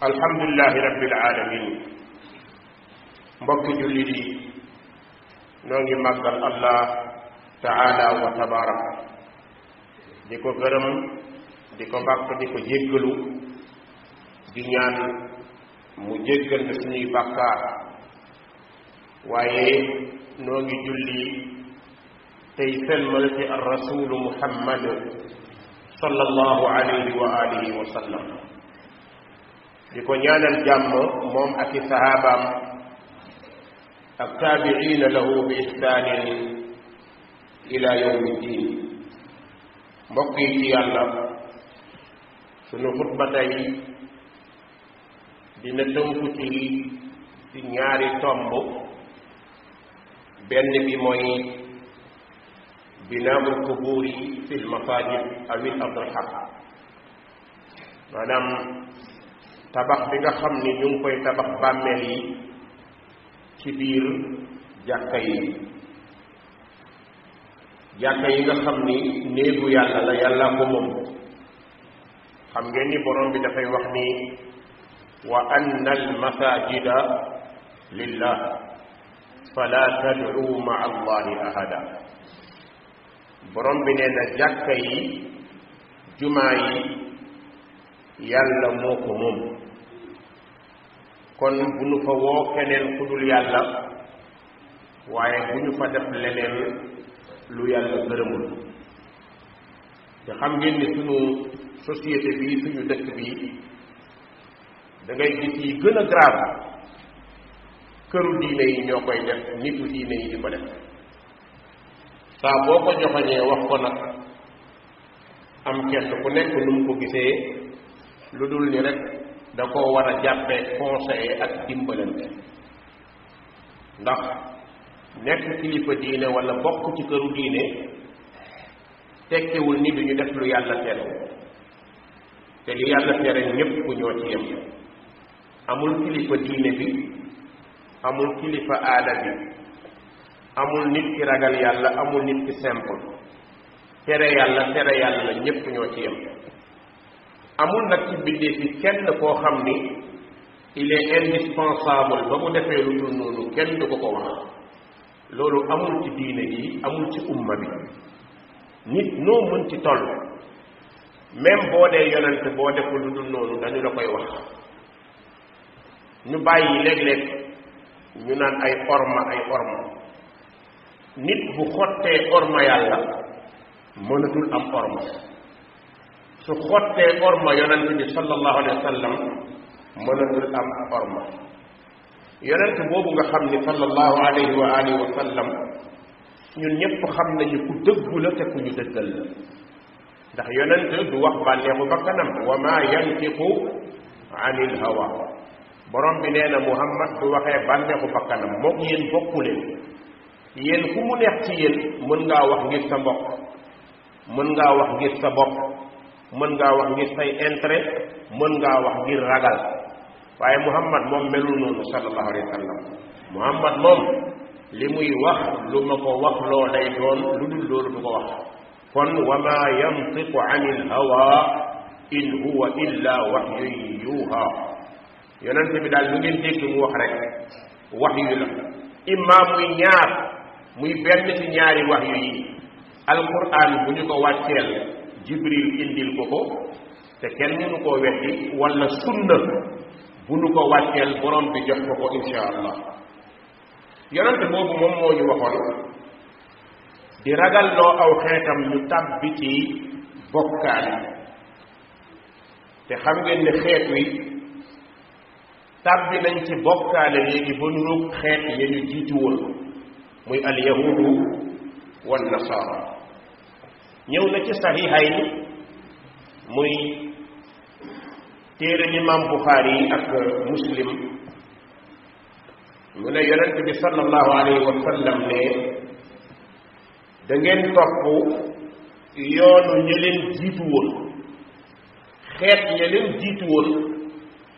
alhamdulilahi rabbil alamin mbokki jullit yi noo ngi màggal allah taala wa tabaraka di ko gërëm di ko bàkk di ko jéggalu di ñaan mu jéggal na suñuy bàkkaar waaye noo ngi julli tey selmal ci ar muhammad sallallahu alayhi wa alihi wa sallam di ko ñaanal jàmm moom aki sahaabaam ak taabiina lahu bi ihsaanin ila yowmi diin mbokk yi ci yàlla sunu xutba tey dina tënku ci ci ñaari tomb benn bi mooy binaamul kubuur yi fil mafaajib awil abdulxaq maanaam tabax bi nga xam ni ñu ngi koy tabax bàmmeel yi ci biir jàkka yi jàkka yi nga xam ni néegu yàlla la yàlla ko moom xam ngeen ni borom bi dafay wax ni wa anna al masajida lillah fala tad'u ma allah ahada borom bi neena na jàkka yi jumaa yi yàlla moo ko moom kon bu ñu fa woo keneen ku dul yàlla waaye bu ñu fa def leneen lu yàlla gërëmul te xam ngeen ni suñu société bi suñu dëkk bi da gis yi gën a grave këru diine yi ñoo koy def nitu diine yi di ko def saa boo ko joxoñee wax ko nag am kenn ku nekk nu mu ko gisee lu dul ni rek da koo war a jàppee conseiller ak dimbalante ndax nekk kilifa diine wala bokk ci këru diine tekkewul ni duñu def lu yàlla tere te li yàlla tere ñépp ñoo ci yem amul kilifa diine bi amul kilifa aada bi amul nit ki ragal yàlla amul nit ki simple tere yàlla tere yàlla la ñépp ñoo ci yem amul nag ci bindee fi kenn koo xam ni il est indispensable ba mu defee lu dul noonu kenn du ko ko wax loolu amul ci diine yi amul ci umma bi nit noo mën ci toll même boo dee yonent boo deful lu dul noonu dañu la koy wax ñu bàyyi léeg-léeg ñu naan ay orma ay orma nit bu xottee orma yàlla mënatul am orma su xottee orma yonent bi sallallahu alayhi wa sallam mënatul am orma yonent boobu nga xam ni sallallahu alayhi wa alihi wa sallam ñun ñëpp xam nañu ku dëggu la te ku ñu dëggal la ndax yonent du wax bànneexu bakkanam wa ma yantiqu anil hawa borom bi nee na muhammad bu waxee bànneexu bakkanam moog yéen bokku leen yéen ku mu neex ci yéen mën ngaa wax ngir sa mbokk mën ngaa wax ngir sa bopp mën ngaa wax ngir say intérêt mën ngaa wax ngir ragal waaye muhammad moom melul noonu sallallahu alayhi muhammad moom li muy wax lu ma ko wax loo day doon lu dul loolu du ko wax kon wa maa yantiqu anil a in huwa illa wax rek la imma muy ñaar muy benn ci ñaari waxyu yi alquran bu ñu ko wàcceel jibril indil ko ko te kenn mënu koo weddi wala sunna bu nu ko wàcceel borom bi jox ko ko insha allah yonente boobu moom moo ñu waxoon di ragal loo aw xeetam ñu tàbbi ci bokkaale te xam ngeen ne xeet wi tàbbi nañ ci bokkaale léegi ba nuróog xeet ya ñu jiitu woon muy al yahudu wal nasaara ñëw na ci saxiixayn muy téere imam buxaari yi ak muslim mu ne yonent bi sallallahu alayhi wa sallam ne da ngeen topp yoonu ñu leen jiitu woon xeet ña leen jiitu woon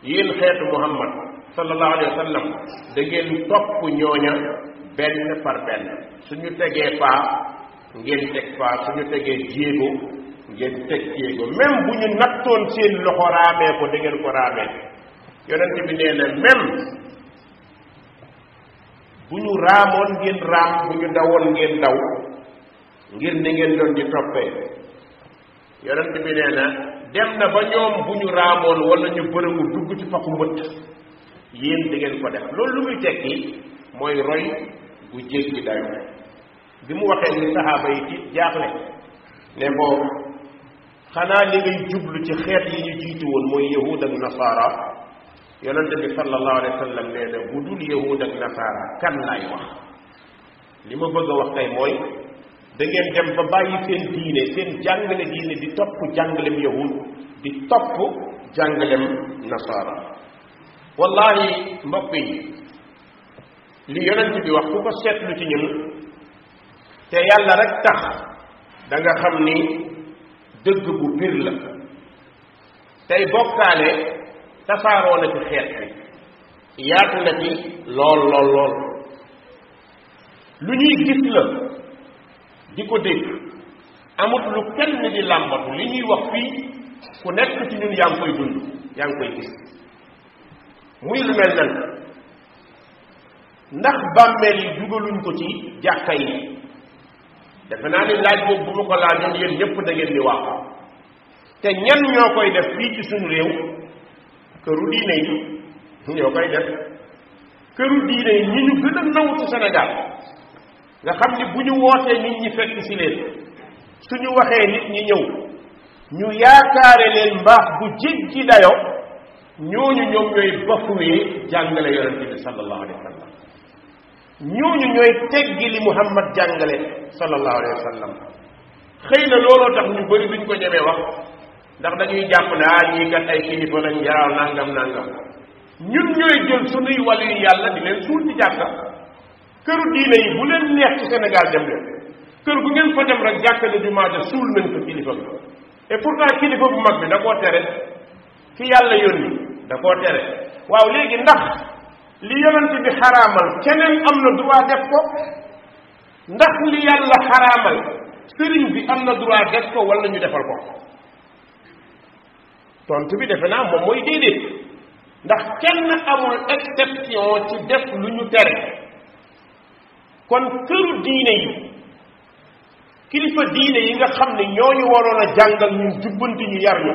yéen xeetu muhammad sallallahu alayhi wa sallam topp ñooña benn par benn suñu tegee paa ngeen teg fa su ñu tegee jéego ngeen teg jéego même bu ñu nattoon seen loxo raamee ko da ngeen ko raamee yonent bi nee na même bu ñu raamoon ngeen raam bu ñu dawoon ngeen daw ngir ni ngeen doon di toppee yonent bi nee na dem na ba ñoom bu ñu raamoon wala ñu bërëngu dugg ci faxu mbëtt yéen da ngeen ko def loolu lu muy tekki mooy roy bu jéggi dayo bi mu waxee ni saxaaba yi ci jaaxle ne ko xanaa li ngay jublu ci xeet yi ñu jiitu woon mooy yahud ak nasaara yonente bi sallallahu alayhi wa sallam nee bu dul yahud ak nasaara kan laay wax li ma bëgg a wax kay mooy da ngeen dem ba bàyyi seen diine seen jàngale diine di topp jàngalem yahud di topp jàngalem nasaara wallahi mbokk yi li yonent bi wax ku ko seetlu ci ñun te yàlla rek tax danga xam ni dëgg bu bir la tey bokkaale tasaaroo na ci xeet bi yaatu na ci lool lool lu ñuy gis la di ko dégg amut lu kenn di làmbatu li ñuy wax fii ku nekk ci ñun yaa ngi koy dund yaa ngi koy gis muy lu mel na ndax bàmmeel yi dugaluñ ko ci jàkka yi defe naa ni laaj boobu bu ma ko laajoon yéen ñëpp da ngeen di wax te ñenn ñoo koy def fii ci suñu réew këru diine yi ñoo ñu gën a naw ci Sénégal nga xam ni bu ñu wootee nit ñi fekk si leen suñu waxee nit ñi ñëw ñu yaakaare leen mbaax bu jéggi dayo ñu ñoom ñooy bokkuwee jàngale yonente bi sallallahu alayhi wa sallam ñooñu ñooy teggi li Muhammad jàngale sallallahu alayhi wa sallam xëy na looloo tax ñu bëri duñ ko ñemee wax ndax dañuy jàpp ne ah ñii kat ay kilifa lañ yaraaw nangam nangam ñun ñooy jël sunuy wàllu yàlla di leen suul ci jàkka këru diine yi bu leen neex ci Sénégal dem leen kër bu ngeen fa dem rek jàkka ne jumaa ja suul nañ ko kilifa bi et pourtant kilifa bu mag bi da koo tere ki yàlla yónni da koo tere waaw léegi ndax. li yonent bi xaraamal keneen am na droit def ko ndax li yàlla xaraamal sëriñ bi am na droit def ko wala ñu defal ko tontu bi defe naa moom mooy déedéet ndax kenn amul exception ci def lu ñu tere kon këru diine yi kilifa diine yi nga xam ne ñooñu waroon a jàngal ñun jubbanti ñu yar ñu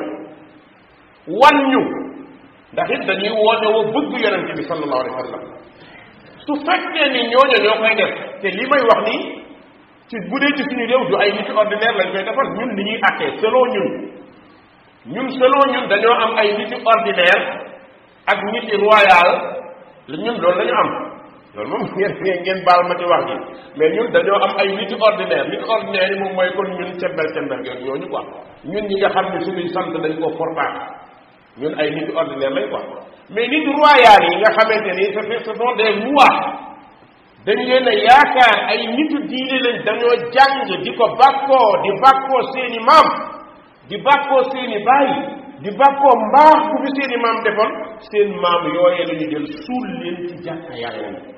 wan ñu ndax dañuy woote woo bëgg yonente bi sallallahu alayhi wa sallam su fekkee ni ñooñu ñoo koy def te li may wax nii ci bu dee ci suñu réew du ay nit ordinaire lañ koy defal ñun ni ñuy àttee selon ñun ñun selon ñun dañoo am ay nit ordinaire ak nit royal ñun loolu la ñu am loolu moom ngeen ngeen baal ma ci wax gi mais ñun dañoo am ay nit ordinaire nit ordinaire yi moom mooy kon ñun cembel cembel gi ñooñu quoi ñun ñi nga xam ne suñuy sant dañ ko fortaat ñun ay nit ordinaire lay wax mais nit royal yi nga xamante ni ce sont des rois dañ leen a yaakaar ay nitu diine lañ dañoo jàng di ko bàkkoo di bàkkoo seeni maam di bàkkoo seeni baay di bàkkoo mbaax ku fi seeni maam defoon seen maam yooyee la ñu suul leen ci jàkka yàlla yi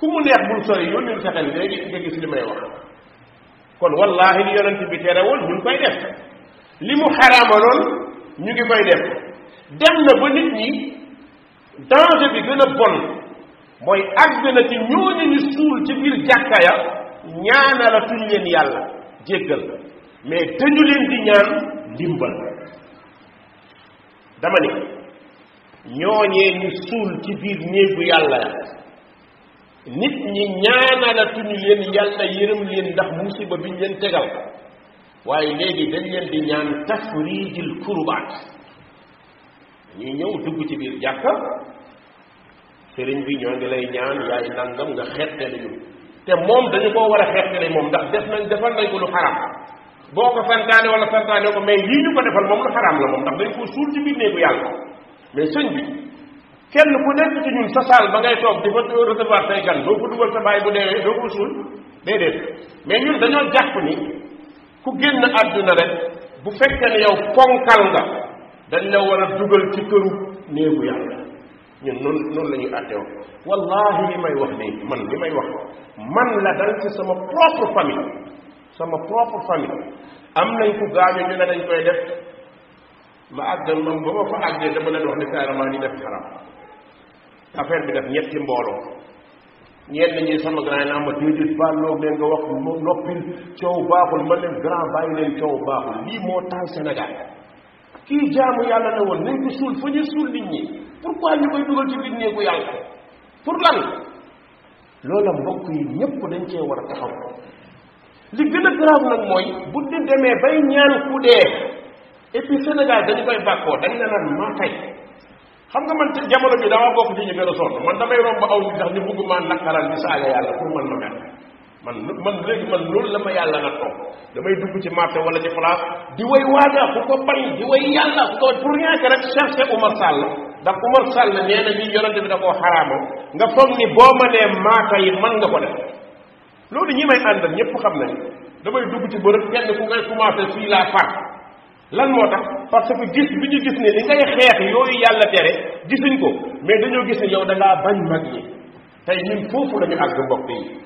ku mu neex bul sori yoon ñu saxal léegi nga gis li may wax kon wallaahi li yonent bi terewul ñu ngi koy def li mu xaraamaloon ñu ngi koy def dem na ba nit ñi danger bi gën a bon mooy àgg na ci ñooñu ñu suul ci biir jàkka ya ñaanalatuñ leen yàlla jéggal mais dañu leen di ñaan ndimbal dama ni ñooñee ñu suul ci biir néegu yàlla ya nit ñi ñaanalatuñ leen yàlla yërëm leen ndax musiba biñ leen tegal waaye léegi dañ leen di ñaan tafridil kurbaat dañuy ñëw dugg ci biir jàkka sëriñ bi ñoo ngi lay ñaan yaay nangam nga xettali ñu te moom dañu koo war a xettali moom ndax def nañ defal nañ ko lu xaram boo ko santaane wala santaane ko mais yii ñu ko defal moom lu xaram la moom ndax dañ koo suul ci biir néegu yàlla mais sëñ bi kenn ku nekk ci ñun sa saal ba ngay toog di fa recevoir say gan doo ko dugal sa baay bu deewee doo ko suul déedéet mais ñun dañoo jàpp ni ku génn àdduna rek bu fekkee ne yow ponkal nga dañ la war a dugal ci këru néegu yàlla ñun noonu noonu la ñuy àtteew wallahi li may wax nii man li may wax man la dal ci sama propre famille sama propre famille am nañ ku gaañu ñu ne dañ koy def ma àgg moom ba ma fa àggee dama leen wax ne carrément ñu def xaram affaire bi def ñetti mbooloo ñeent ñi sama grand yi naan ma déedéet bàlloog leen nga wax noppil coow baaxul man leen grand bàyyi leen coow baaxul lii moo taal Sénégal kii jaamu yàlla la woon nañ ko suul fa ñu suul nit ñi pourquoi ñu koy dugal ci biir néegu yàlla pour lan loola mbokk a li a grave nag mooy bu di demee bay ñaan ku dee et Sénégal dañu koy bàkkoo dañ la naan maa xam nga man jamono bi dama bokk ci ñu gën a sonn man damay romb aw nit sax ñu bëgg maa naqaral di saaga yàlla pour man ma mel man loolu la ma yàlla na toog damay dugg ci marché wala ci place di way ku ko bañ di yàlla ku ko pour rien que rek cherché Umar Sall ndax Umar Sall nee na ñu yonente bi da koo xaraama nga foog ni boo ma nee maaka yi mën nga ko def loolu ñi may àndal ñëpp xam nañ damay dugg ci bërëb kenn ku ngay commencé fii laa far lan moo tax parce que gis bi ñu gis ne li ngay xeex yooyu yàlla tere gisuñ ko mais dañoo gis ne yow da ngaa bañ mag ñi tey ñun foofu la àgg mbokk yi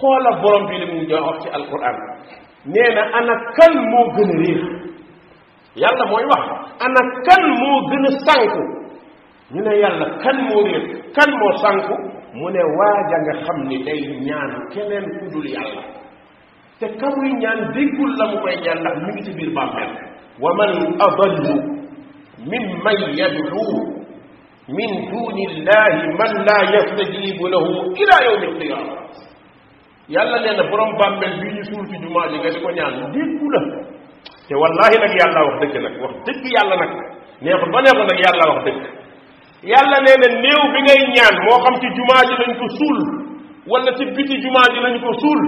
xoola borom bi li mu jox wax ci alquran nee na ana kan moo gën a réer yàlla mooy wax ana kan moo gën a sànku ñu ne yàlla kan moo réer kan moo sànku mu ne waaja nga xam ni day ñaan keneen ku dul yàlla te kamuy ñaan déggul la mu koy ñaan ndax mi ngi ci biir bàmmeel ومن أضل ممن يدعو من دون الله من لا يستجيب له إلى يوم القيامة يالا لينا بروم بامبل بي سول في جمعه لي غاسكو نيان ديكولا يا والله نك يالا واخ دك نك واخ دك يالا نك نيو با نيو نك يالا واخ دك يالا نينا نيو بي غاي نيان مو خام تي جمعه لي نكو سول ولا تي بيتي جمعه لي نكو سول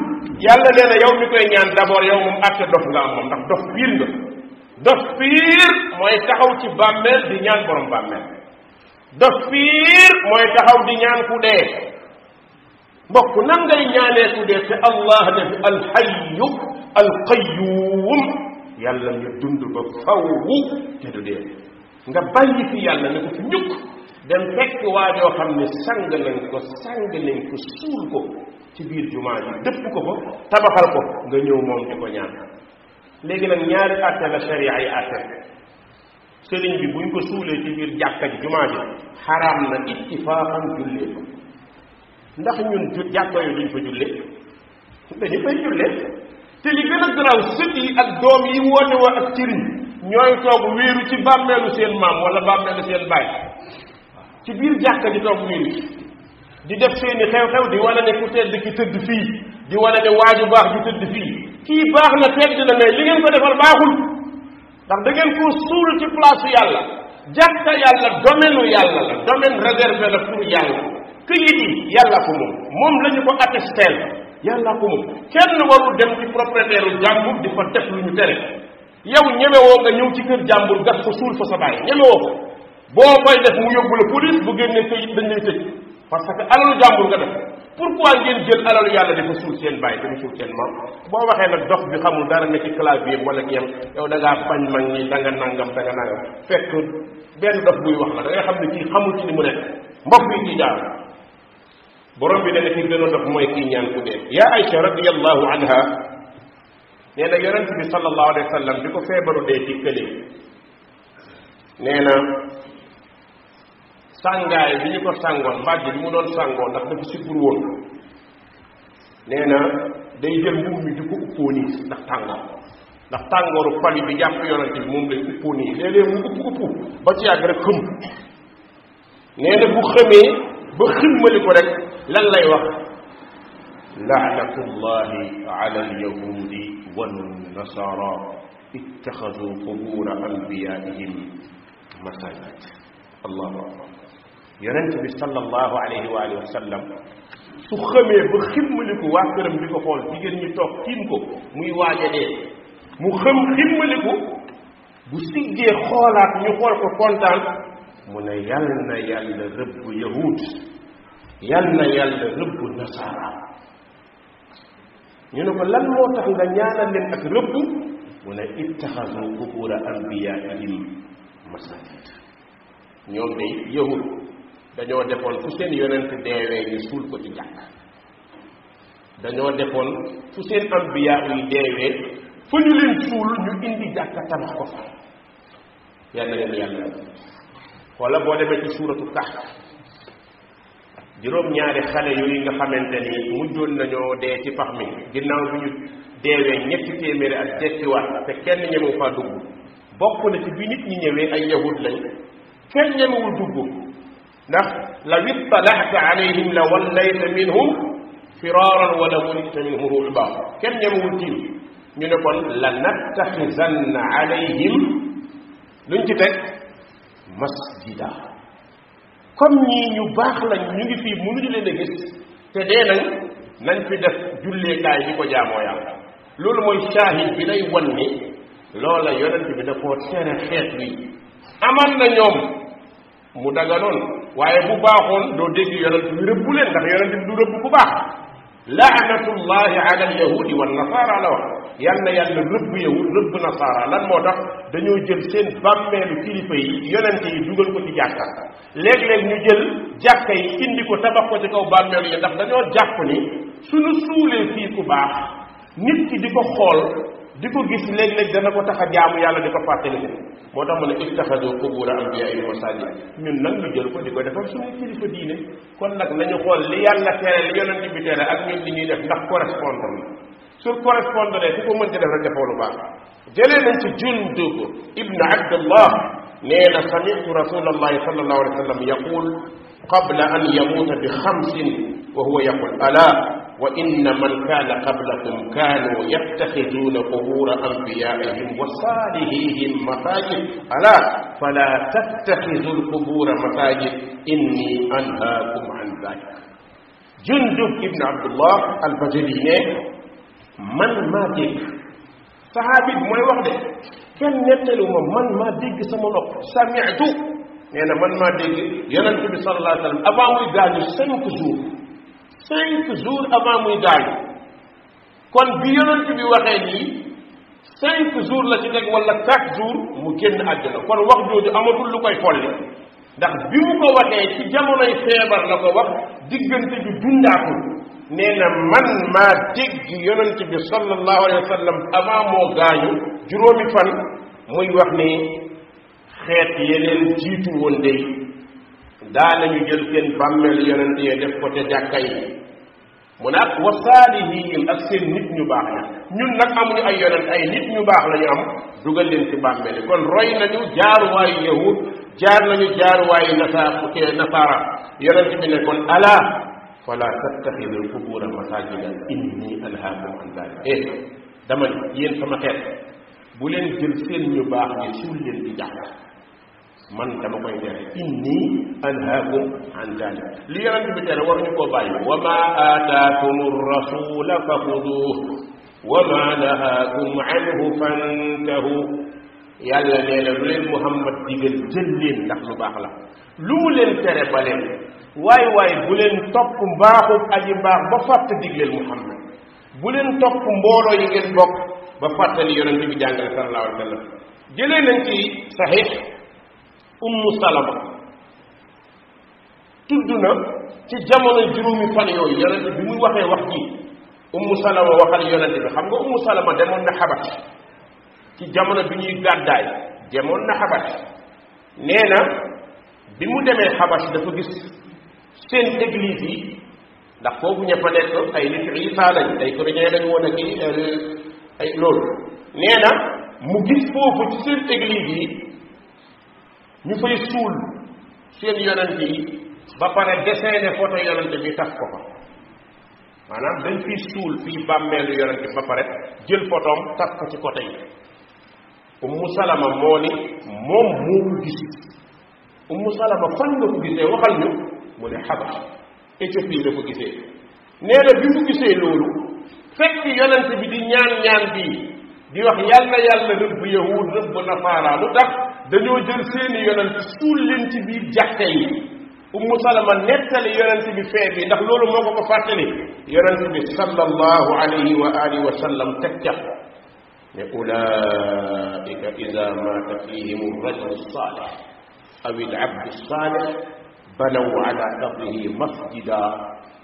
يالا لينا يوم مي كوي نيان دابور يوم ام اك دوف لا ام داخ دوف بيل نك dof piir mooy taxaw ci bàmmeel di ñaan borom bàmmeel dof piir mooy taxaw di ñaan ku dee mbokk nan ngay ñaanee ku dee te allah ne alxayu alqayuum yàlla nga dund ba fawwu te du dee nga bàyyi fi yàlla ne ko fi ñukk dem fekk waa joo xam ne sang nañ ko sang nañ ko suul ko ci biir jumaa ji dëpp ko fa tabaxal ko nga ñëw moom di ko ñaan léegi nag ñaari atte la sharia yi atte sëriñ bi buñ ko suulee ci biir jàkk ak jumaa ji xaraam na ittifaaqan jullee ko ndax ñun ju jàkka yu duñ fa jullee dañu fay jullee te li gën a garaaw sët yi ak doom yi woote woo ak sëriñ ñooy toog wéeru ci bàmmeelu seen maam wala bàmmeelu seen baay ci biir jàkka ji toog wéeru ci di def seeni xew-xew di wane ne ku tedd ki tëdd fii di wane ne waaju baax ju tëdd fii kii baax na tedd na mais li ngeen ko defal baaxul ndax da ngeen koo suul ci place yàlla jàkka yàlla domaine yàlla la domaine réservé la pour yàlla këyit yi yàlla ko moom moom la ñu ko attesté yàlla ko moom kenn warul dem ci propriétaire u jàmbur di fa def lu ñu tere yow ñemewoo nga ñëw ci kër jàmbur gas ko suul fa sa bàyyi ñemewoo ko boo koy def mu yóbbu la police bu génnee këyit dañ lay tëj parce que alalu jàmbur nga def pourquoi ngeen jël alalu yàlla di ko suul seen bàyyi di ko suul seen maam boo waxee nag dox bi xamul dara ne ci clavier wala ki yam yow da ngaa bañ mag ñi da nga nangam da nga benn dox buy wax na da xam ne kii xamul ci li mu nekk mbokk yi ci daal borom bi ne ne ki gën a dox mooy kii ñaan ku dee yaa Aïcha radiallahu anha nee na yonent bi sallallahu alayhi wa sallam di ko feebaru dee ci kële nee na sàngaay bi ñu ko sàngoon mbàjj bi mu doon sàngoo ndax dafa sibbur woon nee na day jël mbubb mi di ko uppoo nii ndax tàngoor ndax tàngooru pali bi jàpp yonante bi moom lay uppoo nii léeg-léeg mu upp upp ba ci yàgg rek xëm nee na bu xëmee ba ximmali ko rek lan lay wax laanatullahi ala alyahudi wannasara ittaxadu qubura anbiyaihim masajid allahu akbar yonent bi sallallahu alayhi wa alihi wa sallam su xamee ba ximmaliku waa këram di ko xool jigéen ñi toog tiim ko muy waaja dee mu xam ximmaliku bu siggee xoolaat ñu xool ko kontaan mu ne yal na yàlla rëbb yahud yal na yàlla rëbb nasaara ñu ne ko lan moo tax nga ñaanal leen ak rëbb mu ne ittaxasu qubura anbiyaihim masajid ñoom day yahud dañoo defoon fu seen yonent deewee ñu suul ko ci jàkk dañoo defoon fu seen ambiya yi deewee fa ñu leen suul ñu indi jàkka tabax ko fa yàlla boo demee ci suuratu Kahf juróom yooyu nga xamante ni mujjoon nañoo dee ci pax mi ginnaaw bi ñu deewee ñetti téeméeri ak dekkiwaat te kenn ñemewu faa dugg bokk na ci bi nit ñi ñëwee ay yahud lañ kenn ñemewul dugg ndax law ittalaxta alayhim la wallayta minhum firaaran wala walita minhum ruuba kenn ñemewul tiim ñu ne kon la nattaxisanna alayhim luñ ci teg masjida comme ñii ñu baax lañ ñu ngi fii mënuñu leen a gis te dee nañ nañ fi def julleekaay di ko jaamoo yàlla loolu mooy saahid bi lay wan ni loola yonent bi da koo tere xeet bi aman na ñoom mu daganoon waaye bu baaxoon doo dégg yonent bi rëbb leen ndax yonent bi du rëbb bu baax laanatullahi ala yi wa nasaara la wax yàlla yàlla rëbb yahud rëbb nasaara lan moo tax dañoo jël seen bàmmeelu kilifa yi yonente yi dugal ko ci jàkka léeg-léeg ñu jël jàkka yi indi ko tabax ko ci kaw bàmmeelu yi ndax dañoo jàpp ni suñu suulee fii ku baax nit ki di ko xool diko gis leg leg dana ko taxa jaamu yàlla diko fatali fàttali ko moo tax mu ne ittaxadu qubura ambiyaai masaajid ñun nag ñu jël ko diko defal suñu kilifa diine kon nak lañu xol li yàlla tere li yonent bi tere ak ñun li ñuy def ndax correspondre ni su correspondre ci ko mënti def rek defo lu baax jëlé nañ ci jundu ibn abdullah neena samitu rasulallahi sallallahu alayhi wasallam yaqul qabla an yamuta bi khamsin wa huwa yaqul ala وإن من كان قبلكم كانوا يتخذون قبور أنبيائهم وصالحيهم مساجد ألا فلا تتخذوا القبور مساجد إني أنهاكم عن ذلك جندب ابن عبد الله البجليني من ما ديك صحابي ما وحده كان نتلوما من ما ديك سما سمعتو يعني من ما ديك يونس النبي صلى الله عليه وسلم ابا موي غادي 5 cinq jours avant muy gaañu kon bi yonent bi waxee nii cinq jours la ci teg wala quatre jours mu génn àdduna kon wax jooju amatul lu koy folli ndax bi mu ko waxee ci jamonoy feebar la ko wax diggante bi dundaatul nee na man maa dégg yonent bi sallallahu alayhi wa sallam avant moo gaañu juróomi fan muy wax ni xeet yeneen jiitu woon day daanañu jël seen bàmmeel yonent yee def ko ca jàkka yi mu a ak wa saalihiin ak seen nit ñu baax ña ñun nag amuñu ay yonent ay nit ñu baax la ñu am dugal leen ci bàmmeel yi kon roy nañu jaaruwaayu yahud jaar nañu jaaruwaayu nasaar ke nasaara yonent bi ne kon inni anhaakum an dalik eh dama ni yéen sama xeet bu leen jël seen ñu baax ñi suul di jàkka man dama koy tere inni anhaakum an dalik li yonent bi tere war ñu ko bàyyi wa ma aataakum rasula fa xuduuh wa ma nahaakum anhu fantahu yàlla neena lu leen muhammad digel jël leen ndax lu baax la lu mu leen tere ba leen waay waay bu leen topp mbaaxub aji mbaax ba fàtt digel muhammad bu leen topp mbooloo yi ngeen bokk ba fàttali yonent bi jàngale sallallahu alayhi wa sallam jëlee nañ ci sahih ummu salama tudd na ci jamono juróomi fan yooyu yonente bi muy waxee wax ji ummu salama waxal yonente bi xam nga ummu salama demoon na xabat ci jamono bi ñuy gàddaay demoon na xabat nee na bi mu demee xabat dafa gis seen église yi ndax foofu ña euh, ay loolu nee na mu gis foofu ci seen église yi ñu fay suul seen yonent yi ba pare dessiné photo yonent bi taf ko fa maanaam dañ fiy suul fii bàmmeelu yonent bi ba pare jël photoom taf ko ci côté yi ummu salama moo ni moom moo ko gis ummu salama fan ko gisee waxal ñu mu ne xabaar Éthiopie la ko gisee nee na bi mu gisee loolu fekk yonent bi di ñaan ñaan bii di wax yàlla yàlla rëbb yahud rëbb nasaara lu tax dañoo jël seeni yonent suul leen ci biir jaxte yi ummu salama nettali yonent bi fee bi ndax loolu moo ko ko fàttali yonent bi sallallahu alayhi wa alihi wa sallam teg ca ne ulaika ida maata fihim rajul salih aw il abdu salih بنوا على قبره مسجدا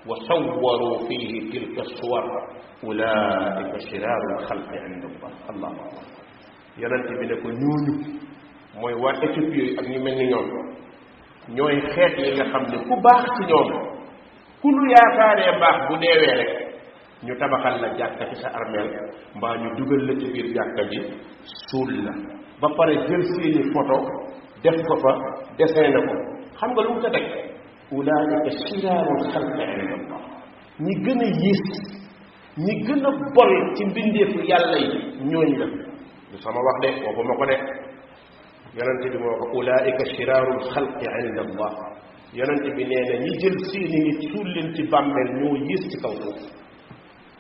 وصوروا فيه تلك الصور اولئك شرار الخلق عند الله الله يرد بنكو نونو mooy waa équipe yooyu ak ñu mel ni ñoom ñooy xeet yi nga xam ne ku baax ci ñoom ku lu yaakaaree baax bu deewee rek ñu tabaxal la jàkka ci sa armeel mbaa ñu dugal la ci biir jàkka bi suul la ba pare jël seeni photo def ko fa dessin na ko xam nga lu mu ko teg ulaayika siraarul xalqi inda allah ñi gën a yiis ñi gën a bon ci mbindeefu yàlla yi ñooñ la du sama wax de waxuma ko de yonent bi moo ko ulaika shiraarul xalqi inda allah yonent bi nee na ñi jël seeni nit suul leen ci bàmmeel ñoo yées ci kaw suuf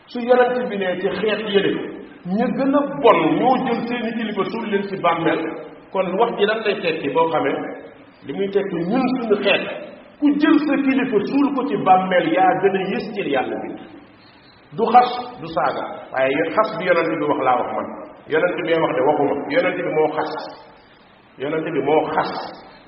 su yonent bi nee ci xeet yële ña gën a bon ñoo jël seeni kilifa suul leen ci bàmmeel kon wax ji lan lay tekki boo xamee li muy tekki ñun suñu xeet ku jël sa kilifa suul ko ci bàmmeel yaa gën a yées ci yàlla bi du xas du saaga waaye xas bi yonent bi wax laa wax man yonent bi wax de waxuma yonent bi moo xas yonente bi moo xas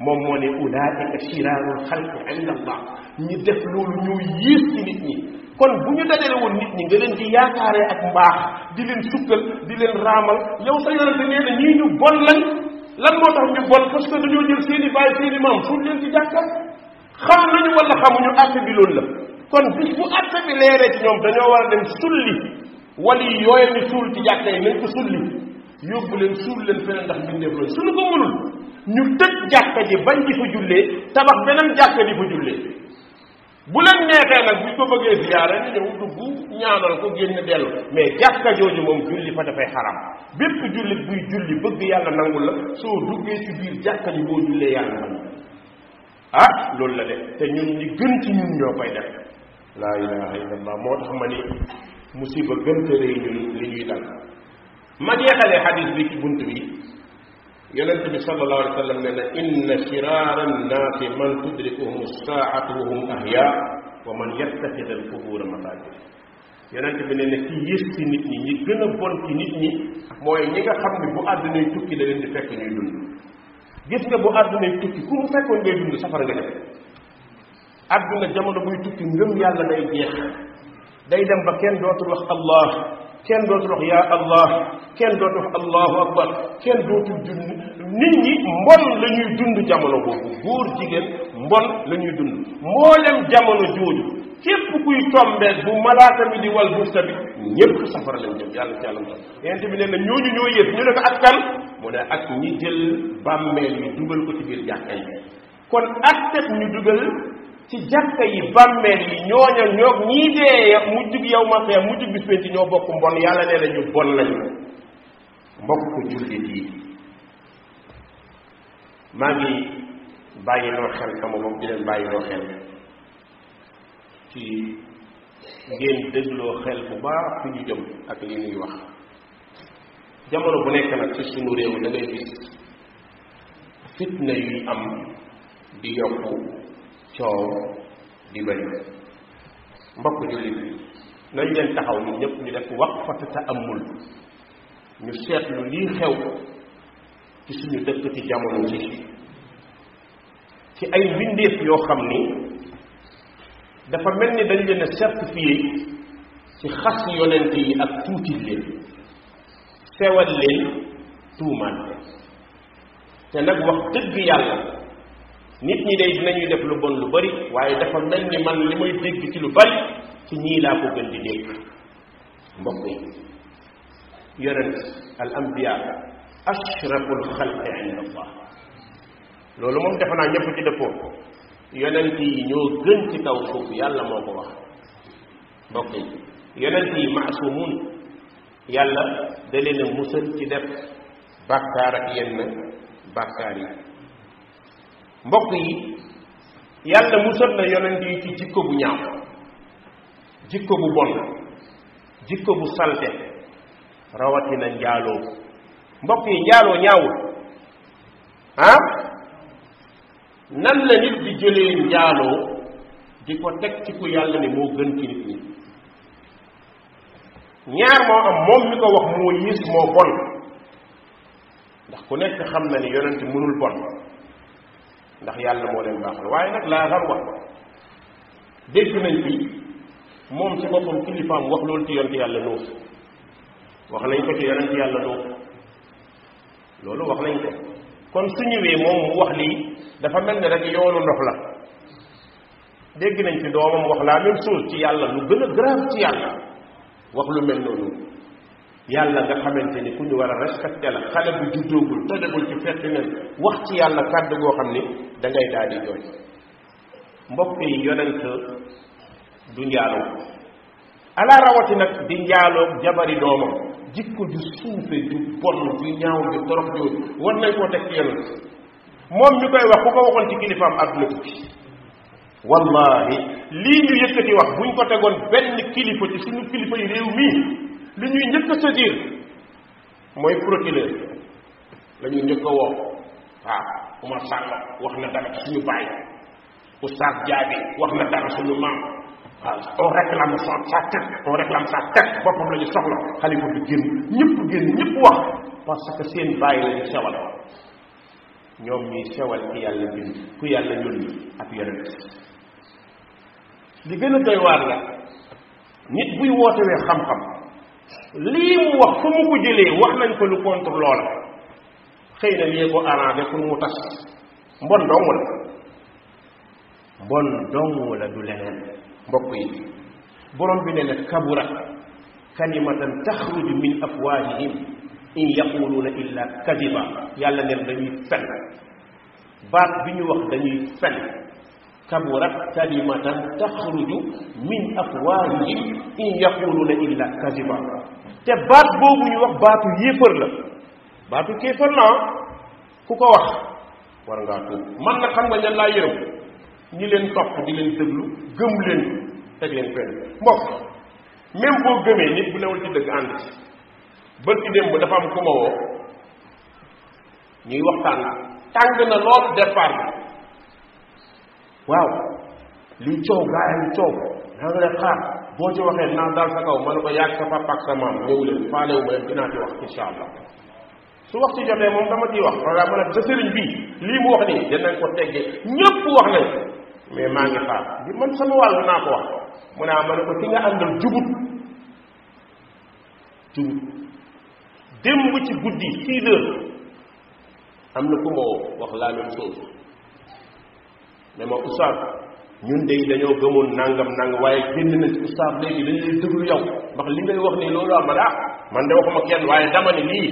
moom moo ne ulaika shiraarul xalqi inda allah ñi def loolu ñoo yées ci nit ñi kon bu ñu dajale woon nit ñi nga leen di yaakaaree ak mbaax di leen sukkal di leen raamal yow sa yonente nee na ñii ñu bon lañ lan moo tax ñu bon parce que dañoo jël seen i bàyyi seen i maam suñ leen di jàkkal xam nañu wala xamuñu àtte bi loolu la kon bis bu àtte bi leeree ci ñoom dañoo war a dem sulli wali yooyu ñu suul ci jàkkee nañ ko sulli yóbbu leen suul leen feneen ndax mbindeef loolu suñu ko mënul ñu tëj jàkka ji bañ di fa jullee tabax beneen jàkka di fa jullee bu leen neexee nag buñ ko bëggee ziyaara ñu ñëw dugg ñaanal ko génn dellu mais jàkka jooju moom julli fa dafay xaram bépp jullit buy julli bëgg yàlla nangul la soo duggee ci biir jàkka ji boo jullee yàlla nangu ah loolu la def te ñun ñi gën ci ñun ñoo koy def laa ilaha illallah moo tax ma ni musiba gën te ñun li ñuy dal ma jeexalee xadis bi ci bunt bi yonent bi sallallahu alayhi wa sallam ne na inna shiraara nnaasi man tudrikuhum saatu wa hum ahya wa man yattaxida al qubuura masaajid yonent bi ne ne ci yées ci nit ñi ñi gën a bon ci nit ñi mooy ñi nga xam ne bu àddunay tukki la leen di fekk ñuy dund gis nga bu àddunay tukki ku mu fekkoon ngay dund safara nga def àdduna jamono buy tukki ngëm yàlla day jeex day dem ba kenn dootul wax allah kenn dootul wax yaa allah kenn dootul wax allahu akbar kenn dootul dund nit ñi mbon la ñuy dund jamono boobu góor jigéen mbon la ñuy dund mboolem jamono jooju képp kuy tombeet bu malaaka di wal bursa bi ñépp safara lañ jëm yàlla ci yàlla yent bi nee na ñooñu ñoo yëpp ñu ne ko ak kan mu ne ak ñi jël bàmmeel yi dugal ko ci biir jàkka yi kon ak teg ñu dugal ci jàkka yi bàmmeel yi ñooña ñoog ñii dee mujjug yow ma fee mujjug bis penci ñoo bokk mbon yàlla nee na ñu bon lañu mbokk jullit yi maa ngi bàyyi loo xel sama bopp di leen bàyyi loo xel ci ngeen dégloo xel bu baax fi ñu jëm ak li ñuy wax jamono bu nekk nag ci sunu réew da ngay fitna yuy am di yokku coow di bëri mbokk jullit bi nañ leen taxaw ñun ñëpp ñu def waqfatu ta'ammul ñu seetlu lii xew ci suñu dëkk ci jamono ji ci ay mbindeef yoo xam ni dafa mel ni dañ leen a certifié ci xas yonent yi ak tuuti leen sewal leen tuumaat te nag wax dëgg yàlla nit ñi day dinañuy def lu bon lu bari waaye dafa nañ ni man li muy dégg ci lu bari ci ñii laa ko gën di dégg mbokk yi yonent al ambiya ashraful xalqi inda allah loolu moom defe naa ñëpp ci dëppoo yonent yi ñoo gën ci kaw suuf yàlla moo ko wax mbokk yi yonent yi maasumun yàlla da leen a musal ci def bàkkaar ak yenn bàkkaar yi mbokk yi yàlla musal na yonent yi ci jikko bu ñaaw jikko bu bon jikko bu salte rawatina njaaloo mbokk yi njaaloo ñaawul ah nan la nit di jëlee njaaloo di ko teg ci ku yàlla ne moo gën ci ñi ñaar moo am moom mi ko wax moo yiis moo bon ndax ku nekk xam na ni yonent mënul bon ndax yàlla moo leen baaxal waaye nag laa xar wax dégg nañ fi moom ci boppam kilifaam wax loolu ci yonent yàlla nuux wax nañ ko ci yonent yàlla nuux loolu wax nañ ko kon su ñëwee moom mu wax lii dafa mel ni rek yoonu ndox la dégg nañ fi doomam wax la même chose ci yàlla lu gën a grave ci yàlla wax lu mel noonu yàlla nga xamante ni ku ñu war a respecté la xale bu juddoogul tojagul ci fekk ne wax ci yàlla kàddu goo xam ni da ngay daal di jooy mbokk yi yonent du njaaloo ala rawati nag di njaaloo jabari doomam jikko ju suufe ju bon ju ñaaw ju torox jooju war nañ koo teg ci yonent moom ñu koy wax ku ko waxoon ci kilifaam àdduna tukki wallahi lii ñu yëkkati wax buñ ko tegoon benn kilifa ci suñu kilifa yi réew mii li ñuy njëkk a saisir mooy procureur la ñuy njëkk woo waaw Umar Sàll wax na dara suñu bàyyi Oustaz Diaby wax na dara suñu maam waaw on réclame sa sa tête on réclame sa tête boppam la ñu soxla xalifa bi génn ñëpp génn ñëpp wax parce que seen bàyyi la ñu sewal ñoom ñuy sewal ku yàlla bind ku yàlla yónni ak yonent li gën a doy waar la nit buy wootewee xam-xam lii mu wax fu mu ko jëlee wax nañ ko lu contre loola xëy na lii ko arrangé pour mu tas mbon la mbon la du leneen mbokk yi borom bi ne na kabura kalimatan taxruju min yàlla neen dañuy bi ñu wax dañuy fen min afwaahihim in yaquluuna illa kadiba te baat boobu ñu wax baatu yéefar la baatu kéefar la ku ko wax war ngaa tuub man na xam nga ñan laa yërëm ñi leen topp di leen déglu gëm leen teg leen fenn mbokk même boo gëmee nit bu newul ci dëgg ànd ci bër ci démb dafa am ku ma woo ñuy waxtaan tàng na lool départ bi waaw liy coow gaa yi coow daa nga leen xaar boo ci waxee naa dal sa kaw ma ko yàgg sa papa ak sa maam ñëw leen faalewu ma leen dinaa ci wax insha allah su wax ci jotee moom dama ciy wax programme nag sa sëriñ bii lii mu wax nii dinañ ko teggee ñëpp wax nañ mais maa ngi xaar di man sama wàll naa ko wax mu ne ah, ma ne ko ki nga àndal jubut jubut démb ci guddi six heures am na ku wax la même chose mais ma oustaz ñun de dañoo gëmoon nangam nang waaye génn na ci ustaaf léegi dañu lay déglu yow ndax li ngay wax nii loolu am na daa ah, man de waxuma kenn waaye dama ni lii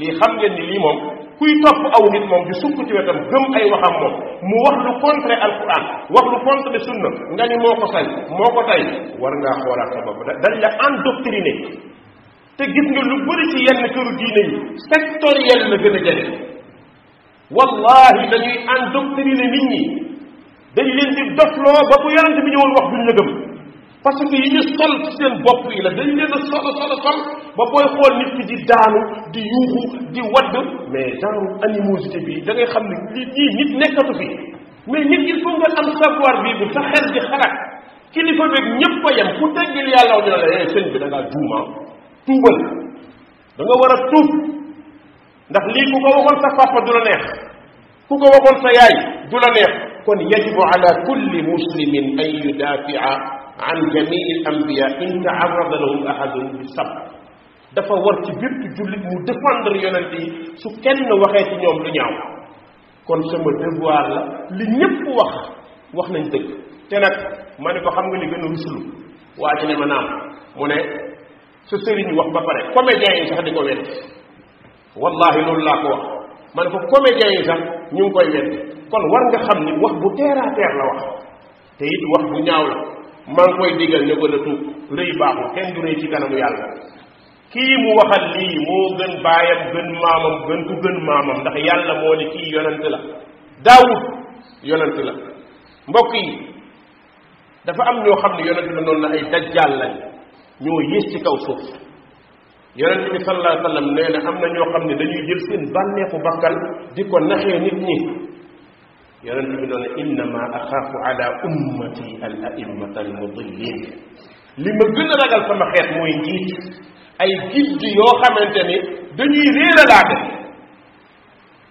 lii xam ngeen ni lii moom kuy topp aw nit moom di sukk ci wetam gëm ay waxam moom mu wax lu contre alquran wax lu contre sunna nga ni moo ko say moo ko tay war ngaa xoolaat sa bopp dañ la endoctriné te gis nga lu bëri ci yenn këru diine yi sectoriel la gën a jëriñ wallahi dañuy endoctriné nit ñi dañ leen di dofloo ba bu yonente bi ñëwoon wax duñ la gëm parce que yi ñu sol ci seen bopp yi la dañ leen a sol sol sol ba booy xool nit ki di daanu di yuuxu di wadd mais genre bi xam ne li ñii nit nekkatu fi mais nit il faut nga am savoir vivre sa xel di xalaat kilifa beeg ñëpp a yem ku teggil yàlla ñu ne la eh sëñ bi da ngaa juuma ah. tuubal da nga war a tuub ndax lii ku ko waxoon sa papa du la neex ku ko waxoon sa yaay du la neex كن يجب على كل مسلم ان يدافع عن جميع الانبياء ان تعرض لهم احد بالسبب دا فا وور سي بيب جوليت مو ديفاندر يونتي سو كين واخي سي نيوم لو نياو كون سما ديفوار لا لي نيب واخ واخ نان دك تي نك ماني كو خامغي لي گنو رسول واجي نما نام مو نه سو سيرين واخ با باري كوميديان يي سخ ديكو ويت والله لول كو واخ مان كو كوميديان يي سخ ñu ngi koy weddi kon war nga xam ni wax bu teer a teer la wax te it wax bu ñaaw la maa ngi koy digal ñu gën a tuub rëy baaxul kenn du rëy ci kanamu yàlla kii mu waxal lii moo gën baayam gën maamam gën ku gën maamam ndax yàlla moo ne kii yonent la daawud yonent la mbokk yi dafa am ñoo xam ne yonent la noonu na ay dajjaal lañ ñoo yées ci kaw suuf yonent bi sallallahu alayhi wa sallam nee na am na ñoo xam ne dañuy jël seen bànneexu bakkan di ko naxee nit ñi yonent bi doon ne innama axaafu ala ummati al a'immata al mudillin li ma gën a ragal sama xeet mooy njiit ay gidd yoo xamante ni dañuy réeralaate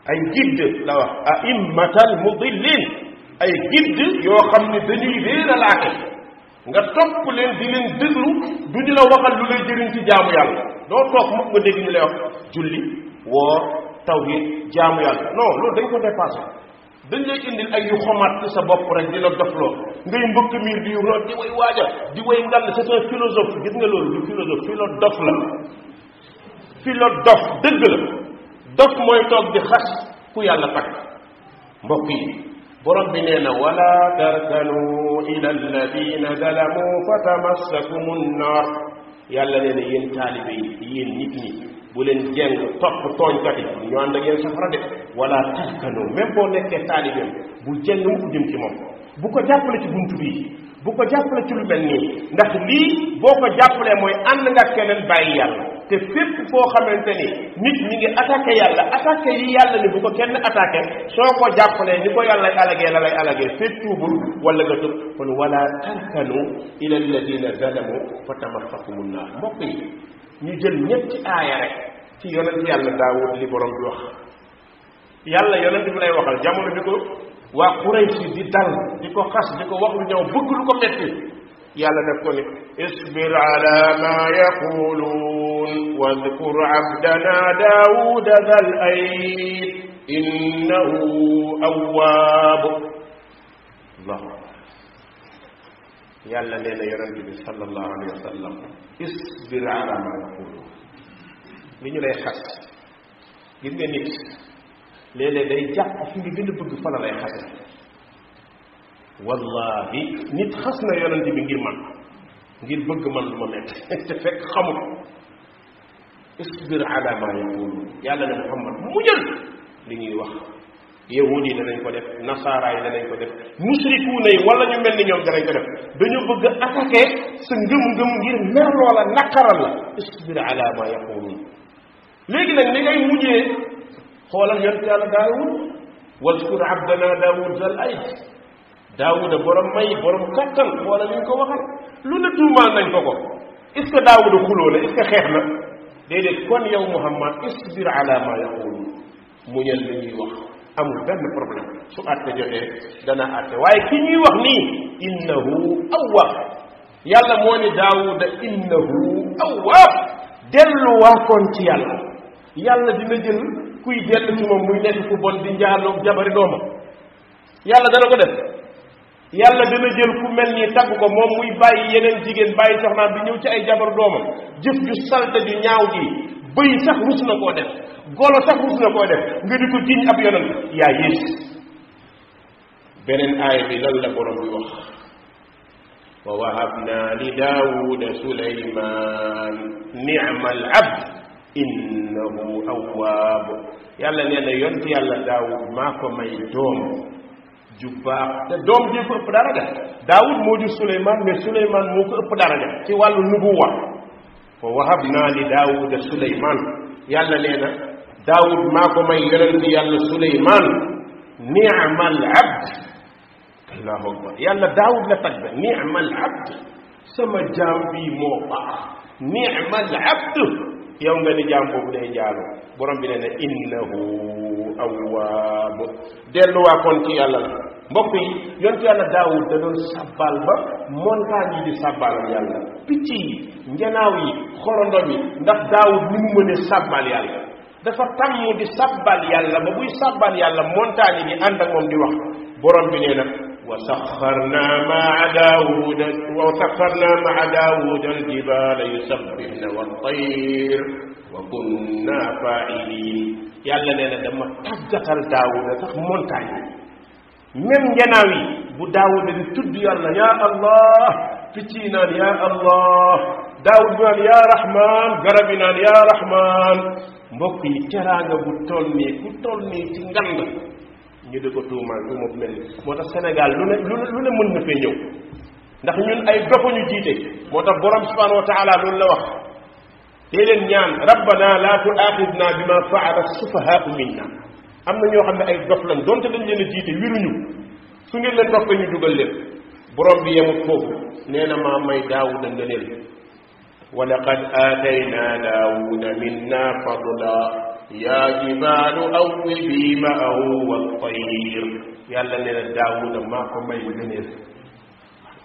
ay gidd la wax a'immata al mudillin ay gidd yoo xam ne dañuy réeralaate nga topp leen di leen déglu du ñu la waxal lu lay jëriñ ci jaamu yàlla doo toog mukk nga dégg ñu lay wax julli woor tawhid jaamu yàlla non loolu dañ ko dépassé dañ lay indil ay yu xomaat ci sa bopp rek di la dofloo ngay mbëkk miir di root di way waaja di way ngàll c'est un philosophe gis nga loolu du philosophe fii la dof la fii la dof dëgg la dof mooy toog di xas ku yàlla takk mbokk yi borom bi nee na wala tarkanu ila alladina zalamu fatamassakum nnar yàlla nee na yéen taalibe yi yéen nit ñi bu leen jeng topp tooñkat yi ñu ànd ak yéen safara de wala taskano même boo nekkee taalibeem bu jeng mu jëm ci moom bu ko jàppale ci bunt bii bu ko jàppale ci lu mel nii ndax lii boo ko jàppalee mooy ànd nga keneen bàyyi yàlla te fépp foo xamante ni nit ñi ngi attaqué yàlla attaqué yi yàlla ni bu ko kenn attaqué soo ko jàppalee ni ko yàlla alagee la lay alagee fépp tuubul wala nga tub kon wala tarkanu ila alladina zalamu fa tamassakumu naar mbokk yi ñu jël ñetti aaya rek ci yonent yàlla daawud li borom bi wax yàlla yonent bi lay waxal jamono bi ko waa Quraysh di dal di ko xas di ko wax lu bëgg lu ko metti يالا نكوني اصبر على ما يقولون واذكر عبدنا داود ذا الأيد إنه أواب الله يالا لينا يا ربي صلى الله عليه وسلم اصبر على ما يقولون من لين لا يخس لين لا يخس لين لا يخس لين لا يخس والله نيت خاصنا يونتي بي غير مان غير بغ مان لوما ميت تي فك خمو اصبر على ما يقول يا الله محمد مجل لي ني واخ يهودي دا نكو ديف نصارى دا نكو ديف مشركون ولا ني ملني نيوم دا نكو ديف دانيو بغ اتاكي س نغم نغم غير مير لولا نكار اصبر على ما يقول ليك نك ني غاي موجي خولال يونتي الله داوود واذكر عبدنا داوود ذا الايس daawuda borom may borom kàttan wala ni ñu ko waxal lu ne tuumaal nañ ko ko est que daawuda xuloo la est ce que xeex na déedéet kon yow muhammad isbir ala ma yaqulu muñal li ñuy wax amul benn problème su a jotee dana àtte waaye ki ñuy wax nii innahu awwaab yàlla moo ni daawuda innahu awwaab delluwaakoon ci yàlla yàlla dina jël kuy dellu ci moom muy nekk ku bon di njaaloo jabari doomam yàlla dana ko def yàlla dana jël ku mel ni tagg ko moom muy bàyyi yeneen jigéen bàyyi soxnaan bi ñëw ci ay jabar doomam jëf ju salte ju ñaaw ji bëy sax rus na koo def golo sax rus na koo nga di ko jiñ ab yonent yaa yées beneen aay bi lan la borom bi wax wa wahabna li daawuda suleyman ni'mal abd innahu awwaab yàlla nee na yont yàlla daawud maa ko may doom ju baax te doom jee ko ëpp daraja daawud moo jur suleyman mais suleyman moo ko ëpp daraja ci wàllu nubuwa fa wahab naa li daawuda suleyman yàlla nee na daawud maa ko may yonent yàlla suleyman niamal abd allahu akbar yàlla daawud la tagg niamal abd sama jaam bii moo baax niamal abd yow nga ni jaam boobu day jaaloo borom bi nee na innahu awwaab delluwaakoon ci yàlla la mbokk yi yonent yàlla daawud da doon sàbbaal ba montagne yi di sàbbaalal yàlla picc yi njanaaw yi xorondom yi ndax daawud ni mu mënee sàbbaal yàlla dafa tàmm di sàbbaal yàlla ba buy sàbbaal yàlla montagne yi di ànd ak moom di wax borom bi nee na wa saxarna maa daawuda wa saxarna maa daawuda wa tayr wa kunna fa'ilin yàlla nee na dama tàggatal daawuda sax montagne même njanaaw yi bu daawuda di tudd yàlla ya allah picc ya allah daawud naan ya rahman garab yi naan ya rahman mbokk yi teraanga bu toll nii ku toll nii ci ngand ñu di ko tuumaal tuuma bu mel ni moo tax Sénégal lu ne lu ne lu ne mën na fee ñëw ndax ñun ay dofa ñu jiite moo tax borom subhanahu wa taala loolu la wax leen ñaan rabbana la tuaxidna bima faala sufahaau minna am na ñoo ay dof lañ donte dañ leen jité jiite wiruñu su ngeen leen dof ñu duggal leen borom bi neena yemut foofu nee na maa may daawuda ngëneel ولقد آتينا داود منا فضلا يا جبال أوبي معه والطير يلا لنا داود ما كم يجنس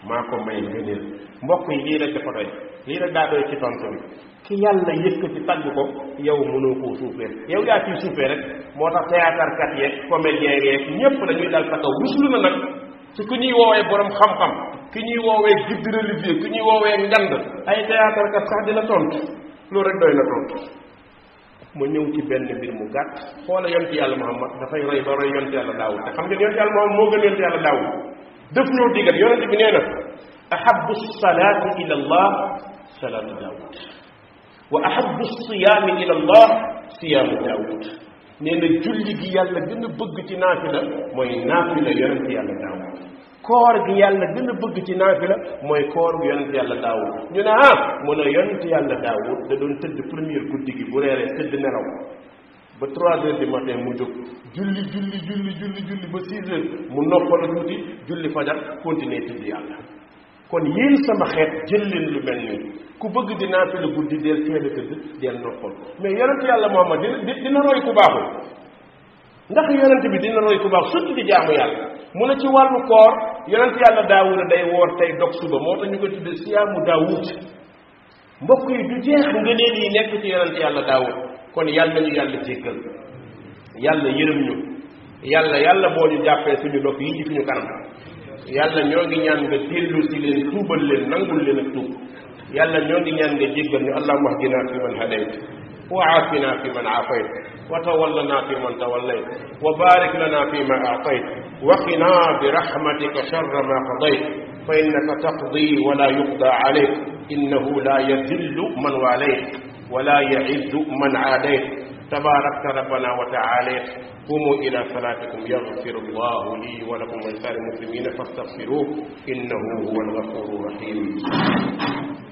maa ko may ngëneel mbokk yi lii rek dafa doy lii rek daa doy ci tontu bi ki yàlla yëkkati tagg ko yow mënoo koo suufee yow yaa ciy suufee rek moo tax théâtre kat yeeg comédien yeeg ñépp dañuy dal sa kaw ruslu na nag ci ku ñuy woowee borom xam-xam ki ñuy woowee guide religieux ki ñuy woowee ngand ay théâtre kat sax dina tontu loolu rek doy na tontu ma ñëw ci benn mbir mu gàtt xoola yonti yàlla Muhammad dafay roy ba roy yonti yàlla daawud xam ngeen yonti yàlla moo gën yonti yàlla daawud def noo digal yonente bi nee na ahabu salaati ila allah salaatu daawud wa ahabu siyaami ila allah siyaamu daawud nee na julli gi yàlla gën a bëgg ci naafila mooy naafila yonente yàlla daawud koor gi yàlla gën a bëgg ci naafila mooy koor gu yonente yàlla daawud ñu ne ah mu ne yonente yàlla daawud da doon tëdd première guddi gi bu reeree tëdd nelaw ba trois heures du matin mu jóg julli julli julli julli ba six heures mu noppal tuuti julli fajar continuer tudd yàlla kon yéen sama xeet jël leen lu mel nii ku bëgg di naafila guddi del teel a tëdd del noppal mais yonent yàlla Muhammad dina dina roy ku baaxul ndax yonent bi dina roy ku baax surtout di jaamu yàlla mu ne ci wàllu koor yonent yàlla a day woor tey dog suba moo tax ñu ko mu siyaamu daawud mbokk yi du jeex ngëneel yi nekk ci yonent yàlla daawud kon yàlla ñu yàlla jéggal yàlla yërëm ñu yàlla yàlla boo ñu jàppee suñu dof yi ci suñu kanam yàlla ñoo ngi ñaan nga dellu ci leen tuubal leen nangul leen ak tuub yàlla ñoo ngi ñaan nga jéggal ñu allahumma ahdina fi man hadayt wa aafina fi man aafayt wa tawallana fi man tawallayt wa barik lana fi ma aatayt wa qina bi rahmatika sharra ma qadayt fa innaka taqdi wa la yuqda alayk innahu la yadillu man walayt ولا يعز من عاديت تباركت ربنا وتعاليت قوموا إلى صلاتكم يغفر الله لي ولكم ولسائر المسلمين فاستغفروه إنه هو الغفور الرحيم